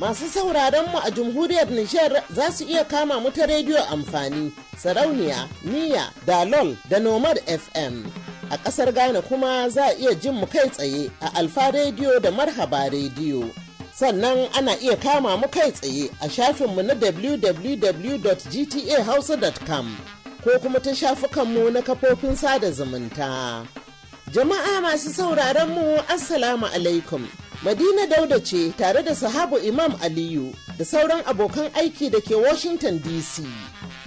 masu sauraron mu a jamhuriyar Nijar za su iya kama mu ta rediyo amfani, sarauniya, niya, dalol da nomad FM. A ƙasar Ghana kuma za a iya jin mu kai tsaye a Alfa rediyo da Marhaba rediyo. Sannan ana iya kama mu kai tsaye a shafinmu na www.gtahausa.com ko kuma ta shafukanmu na kafofin sada zumunta. Jama'a masu sauraron mu Assalamu alaikum. Madina Dauda ce tare da sahabu Imam Aliyu da sauran abokan aiki da ke Washington DC.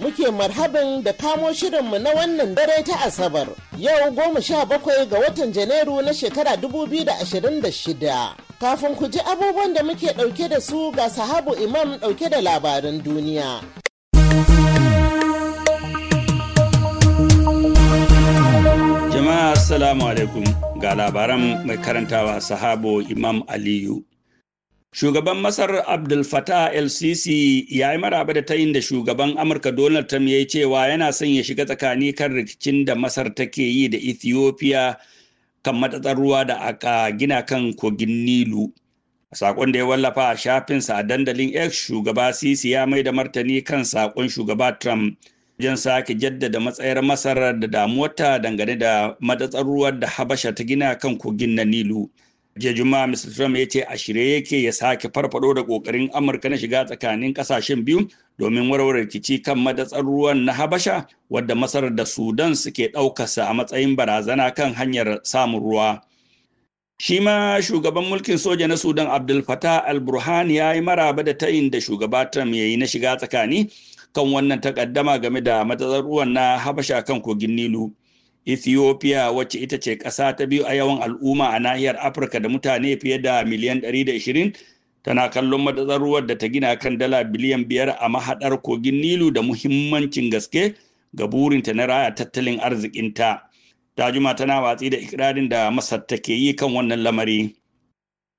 Muke marhabin da kamo shirinmu na wannan dare ta Asabar yau goma sha bakwai ga watan Janairu na shekara 2026. Kafin ku ji abubuwan da muke ɗauke da su ga sahabu Imam ɗauke da labaran duniya. Jama'a Assalamu alaikum. Ga labaran mai karantawa sahabo Imam Aliyu. Shugaban Masar Abdul Fattah el ya yi maraba da tayin da shugaban Amurka Donald Trump ya yi cewa yana son ya shiga tsakani kan rikicin da Masar take yi da Ethiopia kan matatsar ruwa da aka gina kan kogin Nilu. A saƙon da ya wallafa a shafinsa a dandalin X shugaba Sisi ya mai da martani kan saƙon shugaba Trump jan sake jaddada matsayar masar da damuwarta dangane da madatsar ruwan da habasha ta gina kan kogin na nilu jiya juma'a mr trump ya ce a shirye yake ya sake farfado da kokarin amurka na shiga tsakanin kasashen biyu domin warware rikici kan madatsar ruwan na habasha wadda masar da sudan suke ɗaukarsa a matsayin barazana kan hanyar samun ruwa shi ma shugaban mulkin soja na sudan abdul fatah al-burhan ya yi maraba da tayin da shugaba trump ya yi na shiga tsakani kan wannan takaddama game da matsalar ruwan na habasha kan kogin nilu ethiopia wacce ita ce ƙasa ta biyu a yawan al'umma a nahiyar afirka da mutane fiye da miliyan 120 tana kallon matsalar ruwan da ta gina kan dala biliyan biyar a mahaɗar kogin nilu da muhimmancin gaske ga burinta na raya tattalin arzikinta tajuma tana watsi da ikirarin da masar take yi kan wannan lamari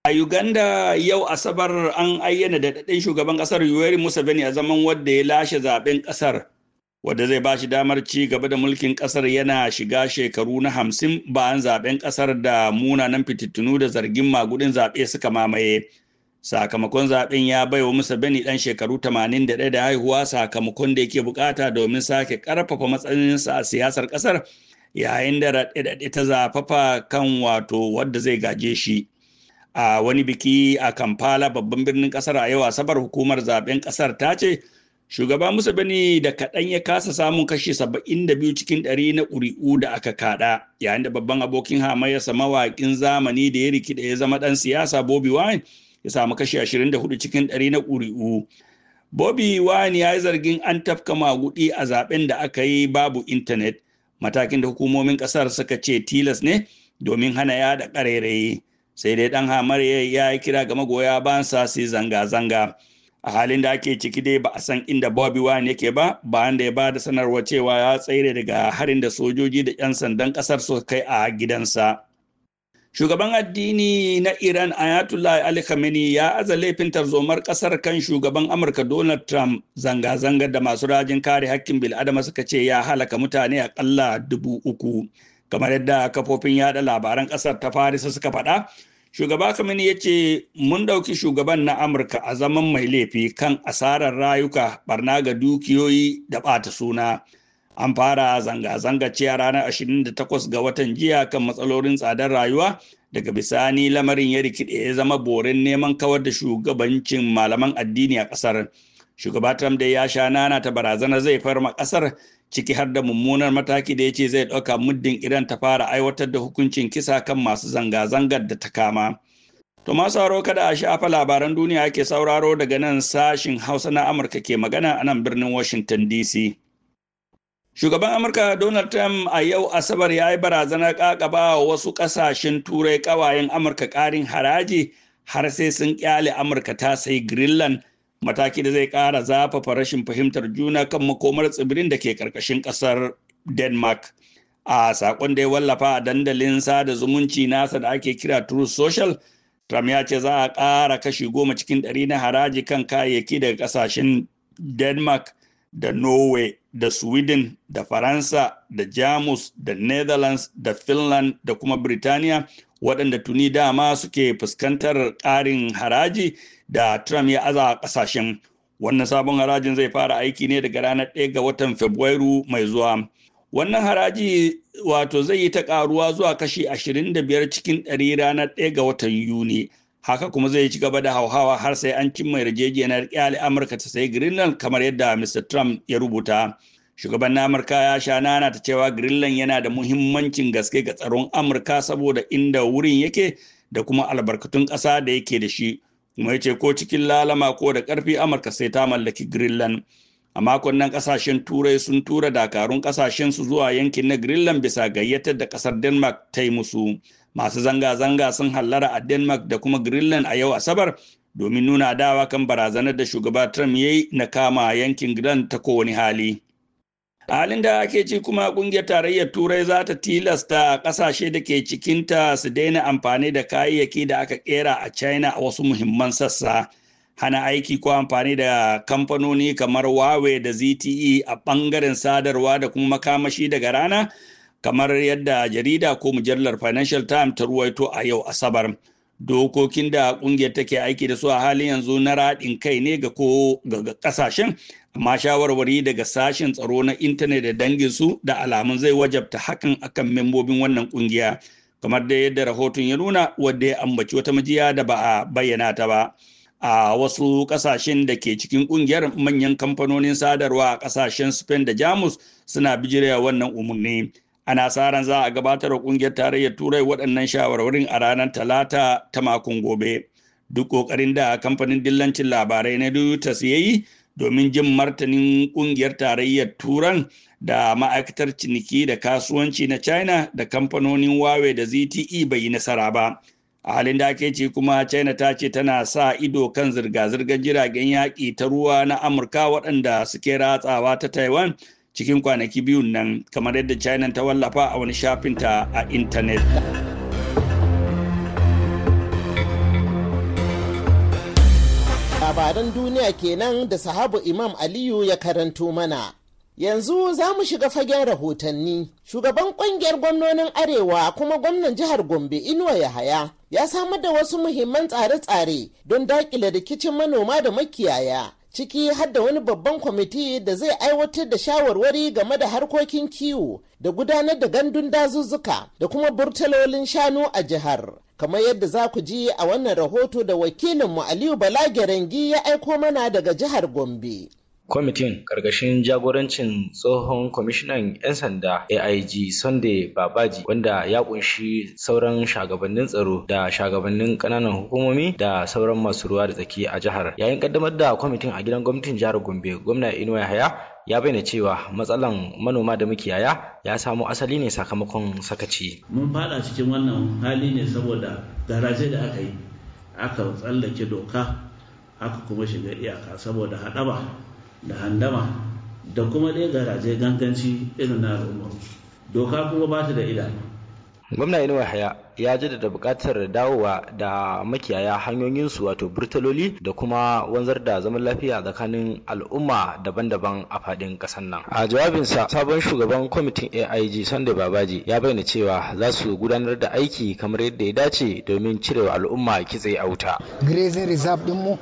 A Uganda yau Asabar an ayyana daɗin shugaban ƙasar Yoweri Museveni a zaman wadda ya lashe zaɓen ƙasar, wadda zai ba shi damar ci gaba da mulkin ƙasar yana shiga shekaru na hamsin bayan zaɓen ƙasar da munanan fitittunu da zargin magudin zaɓe suka mamaye. Sakamakon zaɓen ya baiwa Museveni ɗan shekaru 81 da haihuwa sakamakon da yake bukata domin sake ƙarfafa matsayinsa a siyasar ƙasar yayin da raɗe-raɗe ta zafafa kan wato wadda zai gaje shi. a wani biki a kampala babban birnin kasar a yau asabar hukumar zaben kasar ta ce shugaba musa bani da kaɗan ya kasa samun kashi 72 cikin ɗari na ƙuri'u da aka kaɗa yayin da babban abokin hamayyarsa mawaƙin zamani da ya rikida ya zama ɗan siyasa bobi wine ya samu kashi 24 cikin ɗari na ƙuri'u Bobi Wine ya yi zargin an tafka maguɗi a zaben da aka yi babu intanet, matakin da hukumomin ƙasar suka ce tilas ne domin hana yada ƙarairayi. sai dai dan hamar ya yi kira ga magoya bansa su zanga-zanga a halin da ake ciki dai ba a san inda Bobby Wine yake ba bayan da ya ba da sanarwa cewa ya tsere daga harin da sojoji da 'yan sandan ƙasar su kai a gidansa. Shugaban addini na Iran Ayatollah Ali Khamenei ya aza laifin tarzomar ƙasar kan shugaban Amurka Donald Trump zanga zanga da masu rajin kare hakkin bil'adama suka ce ya halaka mutane a dubu uku. kamar yadda kafofin yada labaran ƙasar ta farisa suka faɗa shugaba kamini ya ce mun ɗauki shugaban na amurka a zaman mai laifi kan asarar rayuka barna ga dukiyoyi da ɓata suna an fara zanga-zanga ce a ranar 28 ga watan jiya kan matsalolin tsadar rayuwa daga bisani lamarin ya rikide ya zama borin neman kawar da shugabancin malaman addini a ƙasar. shugaba trump dai ya sha nana ta barazana zai farma kasar ciki har da mummunar mataki da ya ce zai ɗauka muddin iran ta fara aiwatar da hukuncin kisa kan masu zanga-zangar da ta kama to masu sauraro kada a shafa labaran duniya ake sauraro daga nan sashin hausa na amurka ke magana a nan birnin washington dc Shugaban Amurka Donald Trump a yau Asabar ya yi barazanar kakaba wa wasu kasashen turai ƙawayen Amurka karin haraji har sai sun kyale Amurka ta sai Greenland mataki da zai ƙara zafafa rashin fahimtar juna kan makomar tsibirin da ke ƙarƙashin ƙasar denmark a sakon da ya wallafa a dandalin sada zumunci nasa da ake kira true social trump ya ce za a ƙara kashi goma cikin ɗari na haraji kan kayayyaki daga ƙasashen denmark da norway da sweden da faransa da jamus da netherlands da finland da kuma Birtaniya waɗanda tuni dama suke fuskantar ƙarin haraji da Trump ya aza ƙasashen. Wannan sabon harajin zai fara aiki ne daga ranar 1 ga watan Fabrairu mai zuwa. Wannan haraji wato zai yi ta ƙaruwa zuwa kashi 25 cikin 100 ranar 1 ga watan Yuni. haka kuma zai ci gaba da hauhawa har sai an cimma yarjejeniyar ƙyale amurka ta sayi greenland kamar yadda mr trump ya rubuta shugaban na amurka ya sha nana ta cewa greenland yana da muhimmancin gaske ga tsaron amurka saboda inda wurin yake da kuma albarkatun ƙasa da yake da shi kuma ya ce ko cikin lalama ko da ƙarfi amurka sai ta mallaki greenland a makon nan ƙasashen turai sun tura dakarun ƙasashen su zuwa yankin na greenland bisa gayyatar da ƙasar denmark ta yi musu masu zanga-zanga sun hallara a denmark da kuma greenland a yau asabar domin nuna dawa kan barazanar da shugaba trump ya yi na kama yankin greenland ta kowane hali a halin da ake ci kuma kungiyar tarayyar turai za ta tilasta kasashe da ke cikinta su daina amfani da kayayyaki da aka kera a china a wasu muhimman sassa hana aiki ko amfani da kamfanoni kamar wawe da zte a bangaren sadarwa da kuma makamashi daga rana kamar yadda jarida ko mujallar financial times ta ruwaito a yau asabar dokokin da kungiyar take aiki da su a halin yanzu na raɗin kai ne ga ko ga kasashen amma shawarwari daga sashen tsaro na intanet da danginsu da alamun zai wajabta hakan akan membobin wannan kungiya kamar da yadda rahoton ya nuna wadda ya ambaci wata majiya da ba a bayyana ta ba a wasu kasashen da ke cikin kungiyar manyan kamfanonin sadarwa a kasashen spain da jamus suna bijirewa wannan umarni ana sa ran za a gabatar da kungiyar tarayyar turai waɗannan shawarwarin a ranar talata ta makon gobe duk ƙoƙarin da kamfanin dillancin labarai na reuters ya yi domin jin martanin kungiyar tarayyar turan da ma'aikatar ciniki da kasuwanci na china da kamfanonin wawe da zte bai yi nasara ba a halin da ake ce kuma china ta ce tana sa ido kan zirga-zirgar jiragen yaƙi ta ruwa na amurka waɗanda suke ratsawa ta taiwan cikin kwanaki biyun nan kamar yadda china ta wallafa a wani shafinta a intanet. labaran duniya kenan da sahabu Imam Aliyu ya karanto mana. Yanzu za mu shiga fagen rahotanni. Shugaban kungiyar gwamnonin Arewa kuma gwamnan jihar Gombe Inuwa Yahaya ya samar da wasu muhimman tsare-tsare don daƙile rikicin manoma da makiyaya ciki har da wani babban kwamiti da zai aiwatar da shawarwari game da harkokin kiwo da gudanar da gandun dazuzzuka da kuma burtalolin shanu a jihar kamar yadda za ku ji a wannan rahoto da wakilinmu aliyu bala ya aiko mana daga jihar gombe Kwamitin, ƙarƙashin jagorancin tsohon Kwamishinan 'Yan Sanda AIG Sunday Babaji, wanda ya ƙunshi sauran shagabannin tsaro da shagabannin ƙananan hukumomi da sauran masu ruwa da tsaki a jihar. Yayin ƙaddamar da kwamitin a gidan gwamnatin jihar Gombe, gwamna Inuwa Yahaya ya bayyana cewa matsalan manoma da makiyaya ya samo asali ne sakamakon sakaci. Mun fada cikin wannan hali ne saboda garaje da aka yi, aka tsallake doka, aka kuma shiga iyaka saboda haɗaba da handama da kuma ɗaya garaje ganganci irin na al'ummar doka kuma ba ta da idanu gwamna inuwa haya ya jaddada bukatar dawowa da makiyaya hanyoyin su wato burtaloli da kuma wanzar da zaman lafiya tsakanin al'umma daban-daban a fadin ƙasar nan. A jawabinsa sabon shugaban kwamitin AIG Sunday Babaji ya bayyana cewa za su gudanar da aiki kamar yadda ya dace domin cirewa al'umma kitse a wuta. Grazing reserve din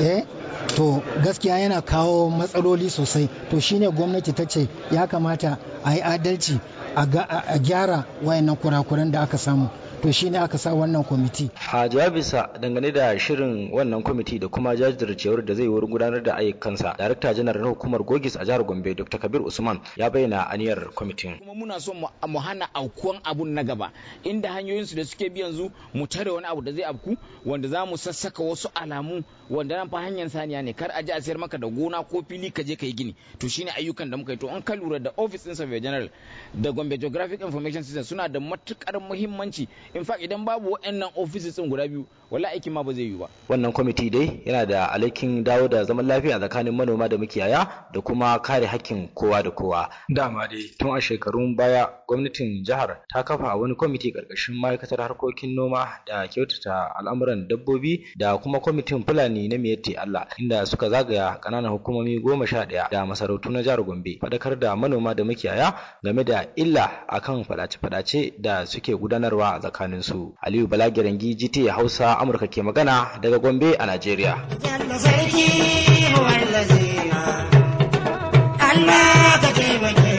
eh to gaskiya yana kawo matsaloli sosai to shine gwamnati ta ce ya kamata a yi adalci a gyara wayannan kurakuran da aka samu to shi ne aka sa wannan kwamiti a jabisa dangane da shirin wannan kwamiti da kuma jajircewar da zai wurin gudanar da ayyukansa darakta janar na hukumar gogis a jihar gombe dr kabir usman ya bayyana aniyar kwamitin kuma muna son mu hana aukuwan abun na gaba inda hanyoyin su da suke bi yanzu mu tare wani abu da zai abku wanda za mu sassaka wasu alamu wanda nan fa hanyar saniya ne kar a ji a sayar maka da gona ko fili ka je ka yi gini to shine ayyukan da muka yi to an ka lura da office din general da gombe geographic information system suna da matukar muhimmanci in fact idan babu waɗannan offices din guda biyu wala aikin ma ba zai yi ba wannan kwamiti dai yana da alhakin dawo da zaman lafiya tsakanin manoma da makiyaya da kuma kare hakkin kowa da kowa dama dai tun a shekarun baya gwamnatin jihar ta kafa wani kwamiti karkashin ma'aikatar harkokin noma da kyautata al'amuran dabbobi da kuma kwamitin fulani na miyatti Allah inda suka zagaya kananan hukumomi goma sha ɗaya da masarautu na jihar Gombe faɗakar da manoma da makiyaya game da illa akan faɗace-faɗace da suke gudanarwa a su Aliyu Balagirangi GT Hausa Amurka ke magana daga Gombe a Najeriya. Allah ka taimake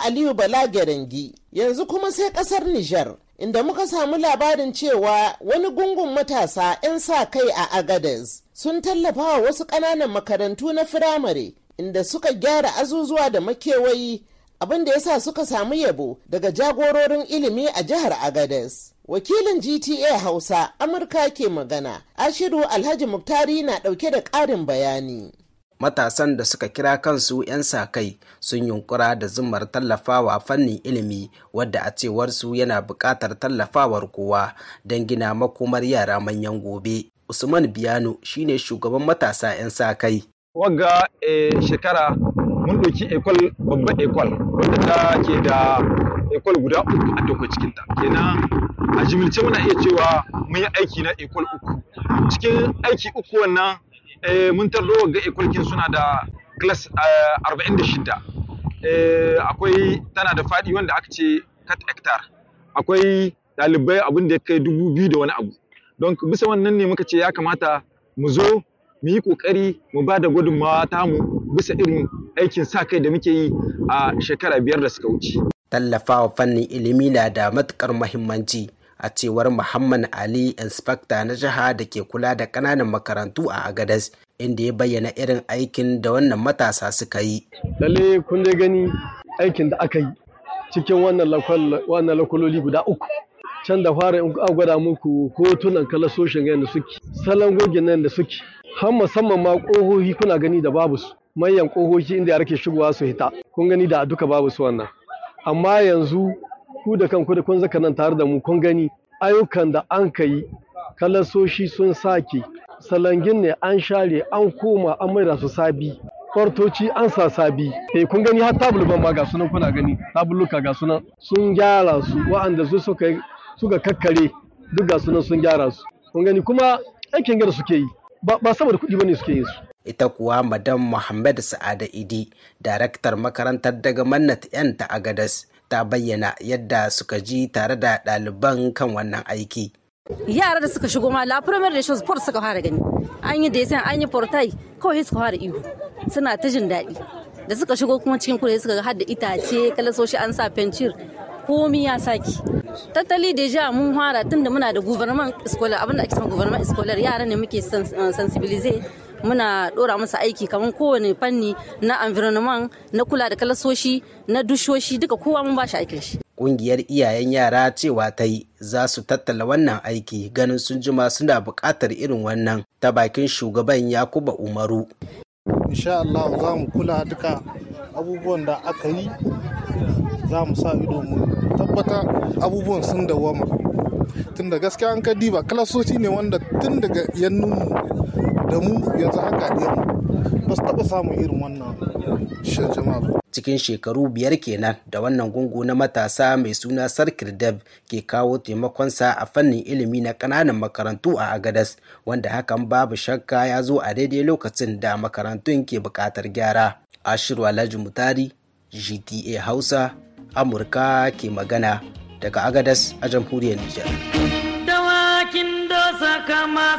Aliyu Bala Gerengi. Yanzu kuma sai kasar Nijar, inda muka samu labarin cewa wani gungun matasa 'yan sa kai a Agadez sun tallafa wa wasu ƙananan makarantu na firamare inda suka gyara azuzuwa da makewayi abin da ya sa suka samu yabo daga jagororin ilimi a jihar Agadez. Wakilin GTA Hausa Amurka ke magana, Ashiru Alhaji Muktari na ɗauke da ƙarin bayani. matasan da suka kira kansu 'yan sa-kai sun yunkura da zumar tallafawa fannin ilimi wadda a cewarsu yana buƙatar tallafawar kowa don gina makomar yara manyan gobe usman biyano shine shugaban matasa 'yan sa-kai wagga eh, shekara mun ɗauki ekol babban ekol wadda ta ke da ekol guda uku a doko cikinta kenan a jimilce muna iya cewa mun yi aiki na ekol uku cikin aiki uku wannan Eh, mun tardo ga ikulkin suna da class 46 eh, eh, akwai tana da faɗi wanda aka ce cut hectare akwai ɗalibai abin da ya kai dubu biyu da wani abu don bisa wannan ne muka ce ya kamata mu zo mu yi ƙoƙari mu ba da gudunmawa mu bisa irin aikin sa kai da muke yi a shekara biyar da suka wuce. Tallafawa fannin ilimi na da matukar muhimmanci. a cewar muhammad ali inspector na jiha da ke kula da kananan makarantu a agadas inda ya bayyana irin aikin da wannan matasa suka yi lalle kun dai gani aikin da aka yi cikin wannan lakwaloli guda uku can da fara in a gwada muku hotunan soshin yadda suke salon gogin nan da suke har musamman ma ƙohohi kuna gani da babu su manyan ƙohohi inda ya rake shigowa su hita kun gani da duka babu su wannan amma yanzu ku da kanku da kun zaka nan tare da mu kun gani ayyukan da an ka yi kalasoshi sun sake salangin ne an share an koma an maida su sabi kwartoci an sa sabi eh kun gani har ban ma ga sunan kuna gani tabuluka ga sunan sun gyara su wa'anda su suka suka kakkare duk ga sunan sun gyara su kun gani kuma aikin gara suke yi ba saboda kuɗi bane suke yin su ita kuwa madam Muhammad Sa'ada Idi, daraktar makarantar daga Mannat 'yan ta Agadas, ta bayyana yadda suka ji tare da ɗaliban kan wannan aiki. yara da suka shigo ma la da sport suka fara gani an yi design an yi portai kawai suka fara ihu suna ta jin daɗi da suka shigo kuma cikin kure suka ga hadda itace kalasoshi an sa fencir komi ya saki tattali da ja mun fara tunda muna da guvernement scholar abinda ake son guvernement scholar yara ne muke sensibilize muna dora musu aiki kamar kowane fanni na environment na kula da kalasoshi na dushoshi duka kowa mun ba shi aikin shi kungiyar iyayen yara cewa ta yi za su tattala wannan aiki ganin sun jima suna buƙatar irin wannan ta bakin shugaban yakuba umaru insha Allah za mu kula duka abubuwan da aka yi za mu sa ido mu tabbata abubuwan sun dawama tun da gaskiya an ka diba kalasoci ne wanda tun daga yannunmu da mu yanzu haka ɗaya mu ba su taɓa samun irin wannan shan jama'a ba cikin shekaru biyar kenan da wannan gungu na matasa mai suna sarkir dev ke kawo taimakonsa a fannin ilimi na ƙananan makarantu a agadas wanda hakan babu shakka ya zo a daidai lokacin da makarantun ke buƙatar gyara ashiru alhaji mutari gta hausa amurka ke magana daga agadas a jamhuriyar nijar dawakin dosa kama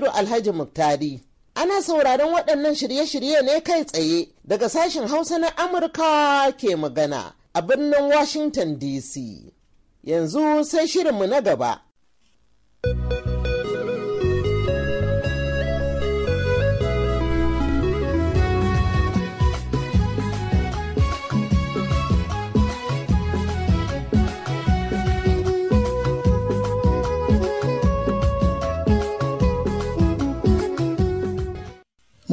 Bashiru Alhaji muktari Ana sauraron waɗannan shirye-shirye ne kai tsaye daga sashen Hausa na Amurka ke magana a birnin Washington DC. Yanzu sai shirinmu na gaba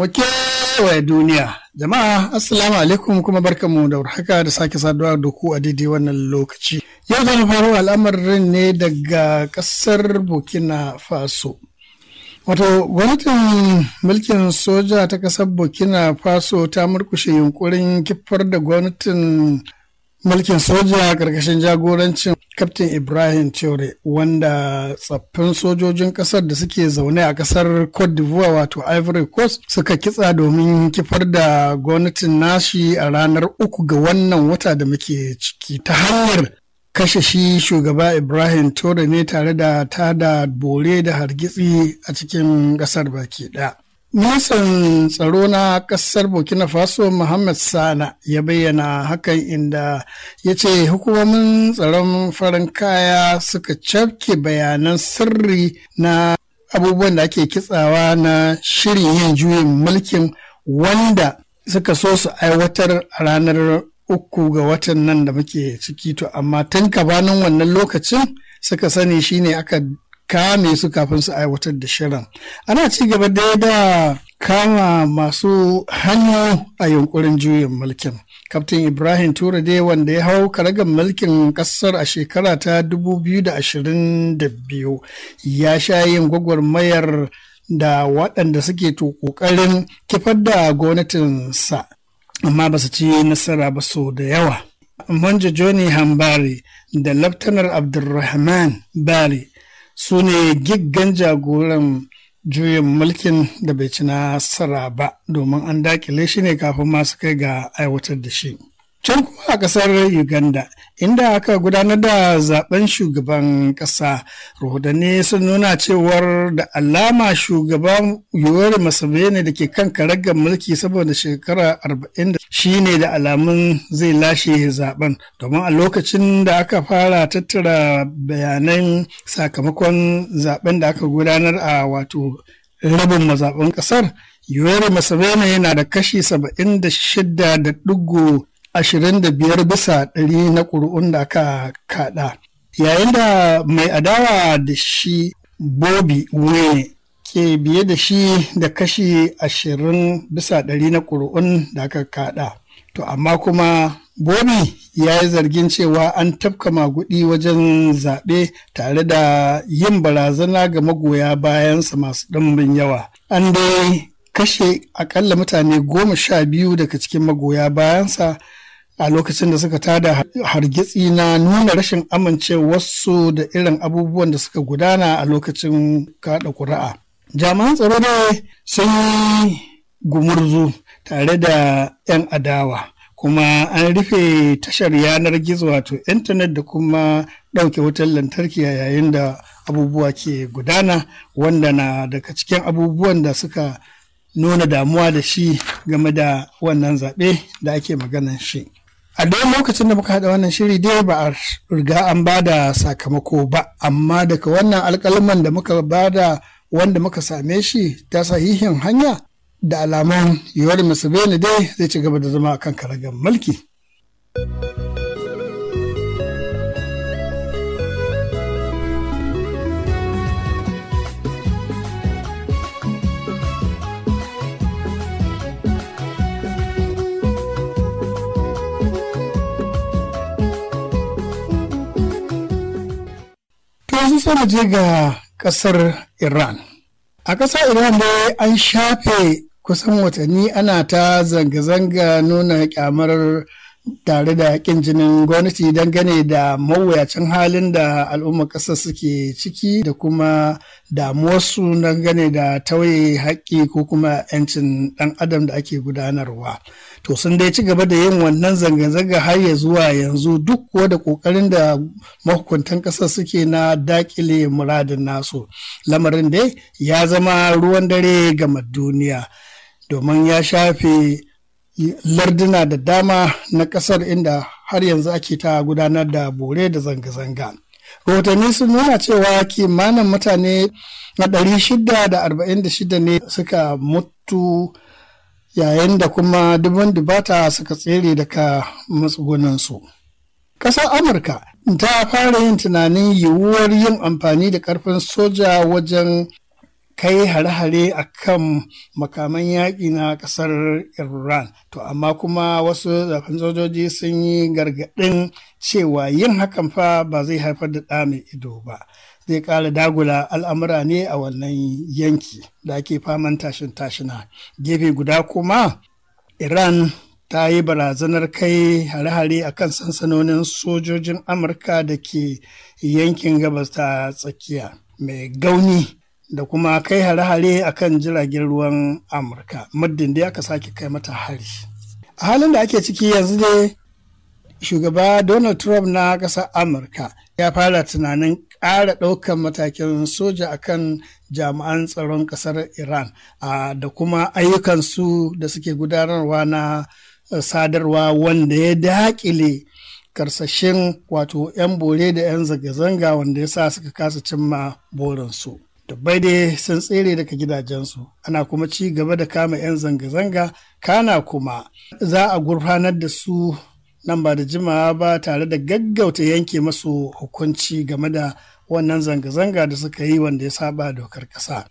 mu kewaye duniya. Jama'a Assalamu alaikum kuma barka mu da warhaka da sake saduwa da ku a daidai wannan lokaci. Yau zan faro al'amarin ne daga ƙasar Burkina Faso. Wato gwamnatin mulkin soja ta ƙasar Burkina Faso ta murkushe yunkurin kifar da gwamnatin mulkin soja ƙarƙashin jagorancin kaftin ibrahim Cure wanda tsaffin sojojin ƙasar da suke zaune a ƙasar cote d'ivoire wato ivory coast suka kitsa domin kifar da gwamnatin nashi a ranar uku ga wannan wata da muke ciki ta hanyar kashe shi shugaba ibrahim Cure ne tare da tada bore da hargitsi a cikin ƙasar baki ɗaya Ministan tsaro na ƙasar Burkina Faso Muhammad Sana ya bayyana hakan inda ya ce hukumomin tsaron farin kaya suka cafke bayanan sirri na abubuwan da ake kitsawa na shirin yin juyin mulkin wanda suka so su aiwatar a ranar uku ga watan nan da muke ciki to amma tun kabanin wannan lokacin suka sani shine aka kame su kafin su aiwatar da shirin. Ana ci gaba dai da kama masu hannu a yunkurin juyin mulkin. Kaftin Ibrahim Tura dai wanda ya hau karagar mulkin kasar a shekara ta 2022 ya sha yin gwagwarmayar da waɗanda suke to ƙoƙarin kifar da gwamnatinsa amma ba su ci nasara ba so da yawa. Manja Joni Hambari da Laftanar Abdulrahman Bari su ne giggan jagoran juyin mulkin da bai ci nasara ba domin an dakile shi ne kafin masu kai ga aiwatar da shi. Can kuma a ƙasar Uganda, inda aka gudanar da zaben shugaban ƙasa, rahotanni sun nuna cewar da alama shugaban Yoweri Museveni da ke kan karagar mulki saboda shekara 40 shi ne da alamun zai lashe zaben. Domin a lokacin da aka fara tattara bayanan sakamakon zaben da aka gudanar a wato rabin mazaɓin ƙasar. Yoweri Museveni yana da kashi 76.5 25 bisa ɗari na ƙuri'un da aka kaɗa. Yayin da mai adawa da shi Bobi Wine ke biye da shi da kashi 20 bisa ɗari na ƙuri'un da aka kaɗa. To amma kuma Bobi ya yi zargin cewa an tafka maguɗi wajen zaɓe tare da yin barazana ga magoya bayansa masu ɗumbin yawa. An dai kashe akalla mutane goma sha biyu daga cikin magoya bayansa a lokacin da suka tada hargitsi na nuna rashin amince wasu da irin abubuwan da suka gudana a lokacin kaɗa ƙuri'a. Jami'an tsaro ne sun yi gumurzu tare da 'yan adawa. kuma an rufe tashar yanar gizo wato intanet da kuma ɗauke wutar lantarki a yayin da abubuwa ke gudana wanda na daga cikin abubuwan da suka nuna damuwa da shi game da wannan zaɓe da ake maganan shi. a ɗayan lokacin da muka haɗa wannan shiri dai ba a riga an ba da sakamako ba amma daga wannan alƙalman da muka ba da wanda muka same shi ta sahihin hanya da alaman yiwuwar museveni dai zai ci gaba da zama kan karagar mulki. yanzu sai je ga kasar Iran. A kasar Iran ne an shafe kusan watanni ana ta zanga-zanga nuna kyamar tare da yakin jinin gwamnati dangane da mawuyacin halin da al'ummar ƙasar suke ciki da kuma damuwarsu dangane da tauye haƙƙi ko kuma 'yancin ɗan adam da ake gudanarwa to sun dai ci gaba da yin wannan zanga-zanga har ya zuwa yanzu duk ko da ƙoƙarin da mahukuntan ƙasar suke na daƙile muradin nasu lamarin dai ya zama ruwan dare ga duniya domin ya shafe larduna da dama na ƙasar inda har yanzu ake ta gudanar da bore da zanga-zanga. rahotanni sun nuna cewa kimanin mutane na 646 ne suka mutu yayin da kuma dubban dubata suka tsere daga matsugunansu. Ƙasar Amurka ta fara yin tunanin yiwuwar yin amfani da ƙarfin soja wajen kai hare-hare a kan makaman yaƙi na ƙasar iran to amma kuma wasu zafin sojoji sun yi gargaɗin cewa yin hakan fa ba zai haifar da ɗa mai ido ba zai ƙara dagula al'amura ne a wannan yanki da ake faman tashin tashina gefe guda kuma iran ta yi barazanar kai hare-hare a kan sansanonin sojojin amurka da ke yankin gabas ta tsakiya mai gauni da kuma kai hare-hare a kan jiragen ruwan amurka muddin da aka sake kai mata hari a halin da ake ciki yanzu dai shugaba donald trump na ƙasar amurka ya fara tunanin ƙara ɗaukan matakin soja a kan jami'an tsaron ƙasar iran da kuma ayyukansu da suke gudanarwa na eh, sadarwa wanda ya daƙile karsashin wato 'yan bore da 'yan zanga-zanga wanda ya sa suka kasa cimma borinsu. dubbai dai sun tsere daga gidajensu ana kuma ci gaba da kama 'yan zanga-zanga kana kuma za a gurfanar da su nan ba da jimawa ba tare da gaggauta yanke masu hukunci game da wannan zanga-zanga da suka yi wanda ya saba dokar ƙasa.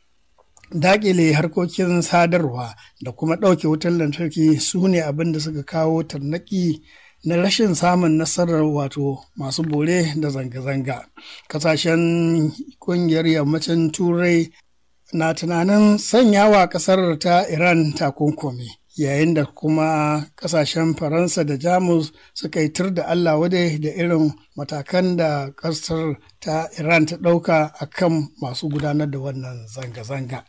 Daƙile harkokin sadarwa da kuma ɗauke wutar lantarki su ne abin da suka kawo tarnaki na rashin samun nasarar wato masu bore da zanga-zanga kasashen kungiyar yammacin turai na tunanin sanyawa kasar ta iran takunkumi yayin da kuma kasashen faransa da jamus suka yi tur da allah wadai da irin matakan da kasar ta iran ta ɗauka a kan masu gudanar da wannan zanga-zanga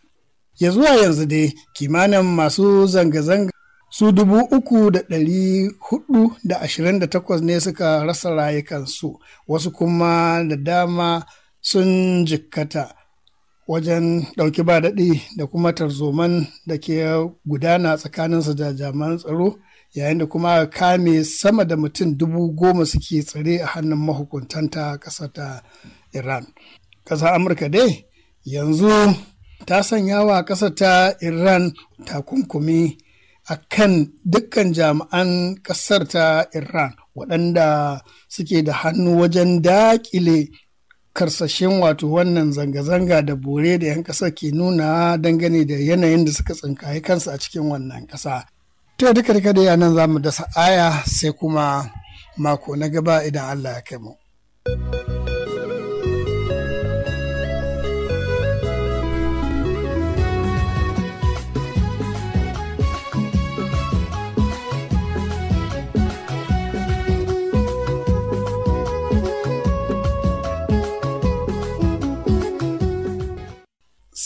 ya zuwa yanzu dai kimanin masu zanga-zanga su dubu uku da ɗari hudu da ashirin da takwas ne suka rasa rayukansu wasu kuma da dama sun jikkata wajen ɗauki ba daɗi da kuma tarzoman da ke gudana tsakaninsu da jami'an tsaro yayin da kuma kame sama da mutum dubu goma suke tsare a hannun mahukuntan ta ƙasa ta iran ƙasa amurka dai yanzu ta sanya wa ƙasar ta iran takunkumi a kan dukkan jami'an ƙasar ta Iran waɗanda suke da hannu wajen daƙile karsashen wato wannan zanga-zanga da bore da 'yan ƙasar ke nuna dangane da yanayin da suka tsinkaye kansu a cikin wannan ƙasa. To duka duka da yanan za mu dasa aya sai kuma mako na gaba idan Allah ya kai mu.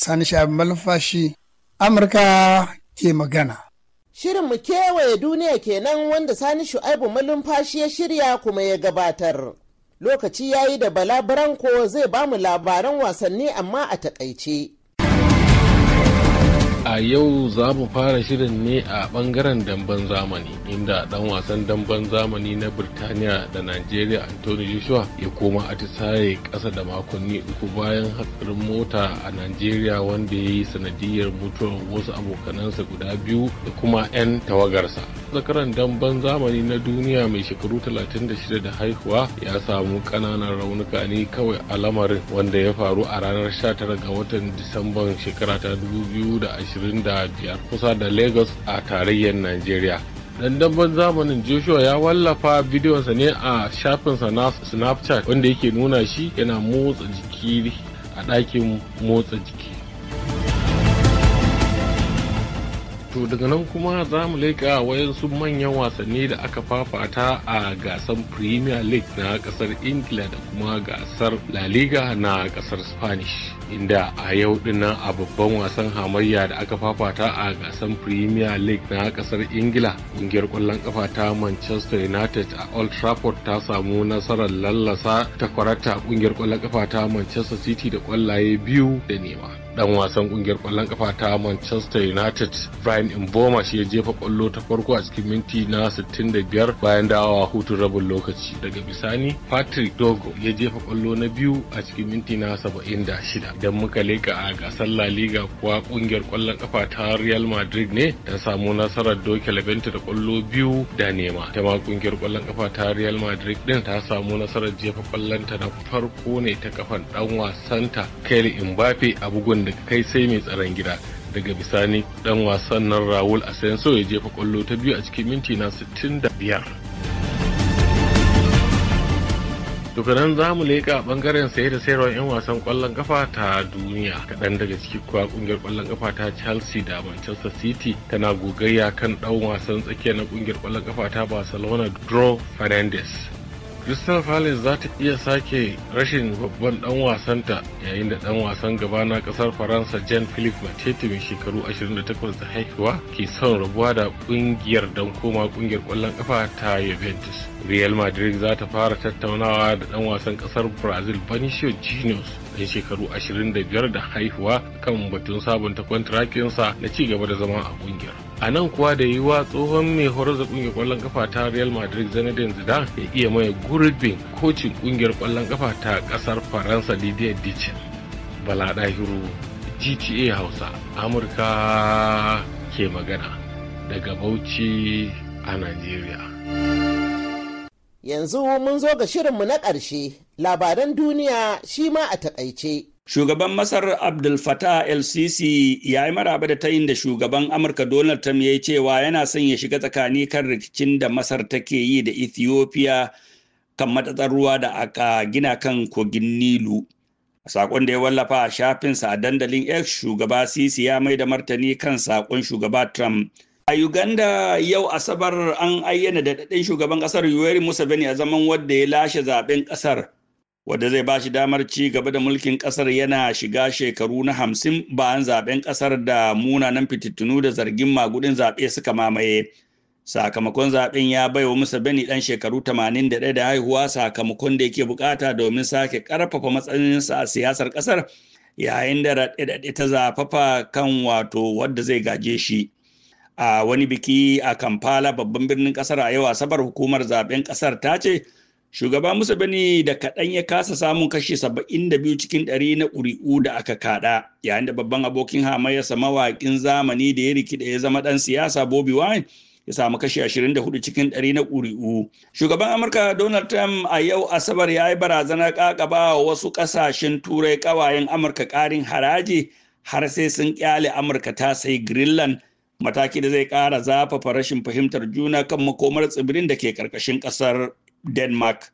Sani Malfashi, Amurka ke magana. Shirin mu kewaye duniya kenan wanda Sani Shu'aibu Malumfashi ya shirya kuma ya gabatar. Lokaci yayi da Bala Branko zai bamu labaran wasanni amma a takaice. A yau za mu fara shirin ne a bangaren damben zamani inda dan wasan damben zamani na Birtaniya da Najeriya Anthony Joshua ya koma atisaye ƙasa da makonni uku bayan hatsarin mota a Najeriya wanda ya yi sanadiyar mutuwar wasu abokanansa guda biyu da kuma 'yan tawagarsa. Zakaran damben zamani na duniya mai shekaru 36 da haihuwa ya samu ƙananan raunuka ne kawai a lamarin wanda ya faru a ranar 19 ga watan Disamban shekara ta 2020. 25 kusa da Lagos a tarayyar Najeriya. dan zamanin joshua ya wallafa bidiyonsa ne a shafinsa na snapchat wanda yake nuna shi yana motsa jiki a ɗakin motsa jiki To daga nan kuma za mu leƙa wayansu manyan wasanni da aka fafata a gasar Premier League na ƙasar Ingila da kuma gasar La Liga na ƙasar Spanish. Inda a yau dinnan a babban wasan hamayya da aka fafata a gasar Premier League na ƙasar Ingila, ƙungiyar ƙwallon ƙafata ta Manchester United a Old Trafford ta samu nasarar lallasa takwarata ƙungiyar ƙwallon kafa ta Manchester City da ƙwallaye biyu da nema. dan wasan kungiyar kwallon kafa ta Manchester United Brian Mboma shi ya jefa kwallo ta farko a cikin minti na 65 bayan dawowa hutun rabin lokaci daga bisani Patrick Dogo ya jefa kwallo na biyu a cikin minti na 76 idan muka leka a gasar La Liga kuwa kungiyar kwallon kafa ta Real Madrid ne ta samu nasarar doke Levante da kwallo biyu da nema ta ma kungiyar kwallon kafa ta Real Madrid din ta samu nasarar jefa kwallonta na farko ne ta kafan dan wasanta Kylian Mbappe a bugun da daga kai sai mai tsaron gida daga bisani dan wasan nan rawul asenso ya jefa kwallo ta biyu a cikin minti na 65 dukkanin za mu leƙa bangaren saye da sayarwar 'yan wasan kwallon kafa ta duniya kaɗan daga cikin kuwa ƙungiyar kwallon kafa ta chelsea da manchester city tana gogayya kan ɗan wasan tsakiya na ƙungiyar kwallon kafa ta barcelona draw fernandes crystal palace za ta iya sake rashin babban dan wasanta yayin da dan wasan gaba na kasar faransa jean philippe matete mai shekaru 28 da haihuwa ke son rabuwa da kungiyar dan koma kungiyar kwallon kafa ta juventus real madrid za ta fara tattaunawa da dan wasan kasar brazil benicio juniors dan shekaru 25 da haihuwa kan batun sabunta kwantrakinsa na ci gaba da zama a kungiyar a nan kuwa da yiwuwa tsohon mai horar da kungiyar kwallon kafa ta real madrid zinedine zidane ya iya maye gurbin kocin kungiyar kwallon kafa ta kasar faransa didier deschamps bala dahiru gta hausa amurka ke magana daga bauchi a nigeria yanzu mun zo ga shirinmu na ƙarshe labaran duniya shi ma a takaice Shugaban Masar Abdul Fattah el-Sisi ya yi maraba da tayin da shugaban Amurka Donald Trump ya yi cewa yana son ya shiga tsakani kan rikicin da Masar take yi da Ethiopia kan matatsar ruwa da aka gina kan kogin Nilu. A saƙon da ya wallafa a shafinsa a dandalin X shugaba Sisi ya mai da martani kan saƙon shugaba Trump. A Uganda yau Asabar an ayyana da shugaban ƙasar Yoweri Museveni a zaman wadda ya lashe zaben ƙasar. wadda zai ba shi damar ci gaba da mulkin kasar yana shiga shekaru na hamsin bayan zaben kasar da munanan fitittunu da zargin magudin zaɓe suka mamaye sakamakon zaben ya baiwa musa bani dan shekaru 81 da haihuwa sakamakon da yake bukata domin sake karfafa matsayinsa a siyasar kasar yayin da raɗe-raɗe ta zafafa kan wato wadda zai gaje shi a wani biki a kampala babban birnin kasar a yau asabar hukumar zaben kasar ta ce Shugaba Musa Bani da kaɗan ya kasa samun kashi 72 cikin ɗari na ƙuri'u da aka kaɗa, yayin da babban abokin hamayyarsa mawaƙin zamani da ya rikida ya zama ɗan siyasa Bobi Wine ya samu kashi 24 cikin ɗari na ƙuri'u. Shugaban Amurka Donald Trump a yau Asabar ya yi barazanar ƙaƙaba wasu ƙasashen Turai ƙawayen Amurka ƙarin haraji har sai sun ƙyale Amurka ta sai Greenland mataki da zai ƙara zafafa rashin fahimtar juna kan makomar tsibirin da ke ƙarƙashin ƙasar. denmark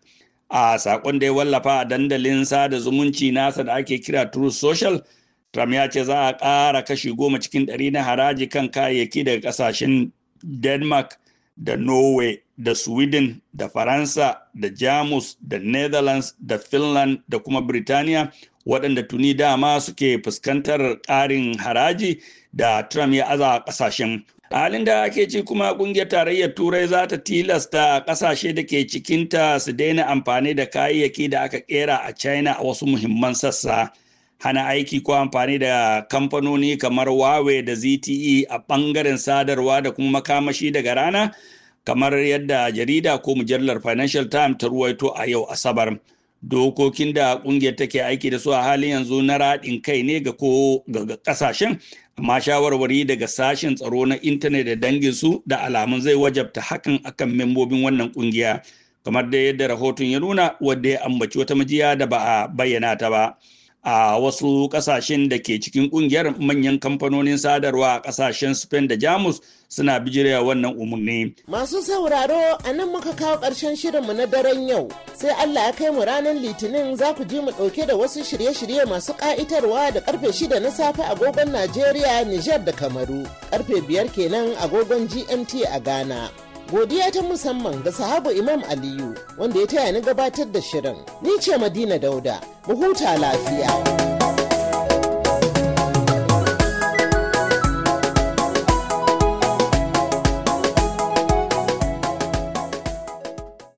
a sakon da ya wallafa a dandalin sada zumunci nasa da ake kira true social trump ya ce za a ƙara kashi goma cikin ɗari na haraji kan kayayyaki daga ƙasashen denmark da norway da sweden da faransa da jamus da netherlands da finland da kuma Birtaniya waɗanda tuni dama suke fuskantar ƙarin haraji da trump ya aza ƙasashen halin da ake ci kuma kungiyar tarayyar turai za ta tilasta kasashe da ke cikinta su daina amfani da kayayyaki da aka kera a china a wasu muhimman sassa hana aiki ko amfani da kamfanoni kamar wawe da zte a bangaren sadarwa da kuma makamashi daga rana kamar yadda jarida ko mujallar financial times ta ruwaito a yau asabar dokokin da kungiyar take aiki da su a halin yanzu na raɗin kai ne ga ko ga kasashen amma shawarwari daga sashen tsaro na intanet da danginsu da alamun zai wajabta hakan akan membobin wannan kungiya kamar da yadda rahoton ya nuna wadda ya ambaci wata majiya da ba a bayyana ta ba. a wasu kasashen da ke cikin kungiyar manyan kamfanonin sadarwa a kasashen spain da jamus suna bijirewa wannan umarni. masu sauraro a nan muka kawo ƙarshen shirinmu na daren yau sai allah ya kai mu ranar litinin za ku ji mu ɗauke da wasu shirye-shirye masu ƙa'itarwa da karfe shida na safe agogon najeriya nijar da kamaru karfe biyar kenan agogon gmt a ghana Godiya ta musamman ga sahabu Imam Aliyu wanda ya taya ni gabatar da shirin. Ni ce Madina Dauda, mu huta lafiya.